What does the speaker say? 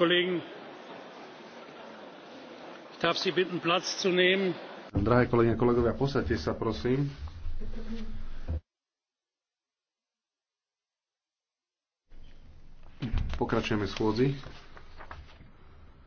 kollegen ich darf sie bitten platz zu nehmen. drahé kolegyne kolegovia posaďte sa prosím. pokračujeme v schôdzi.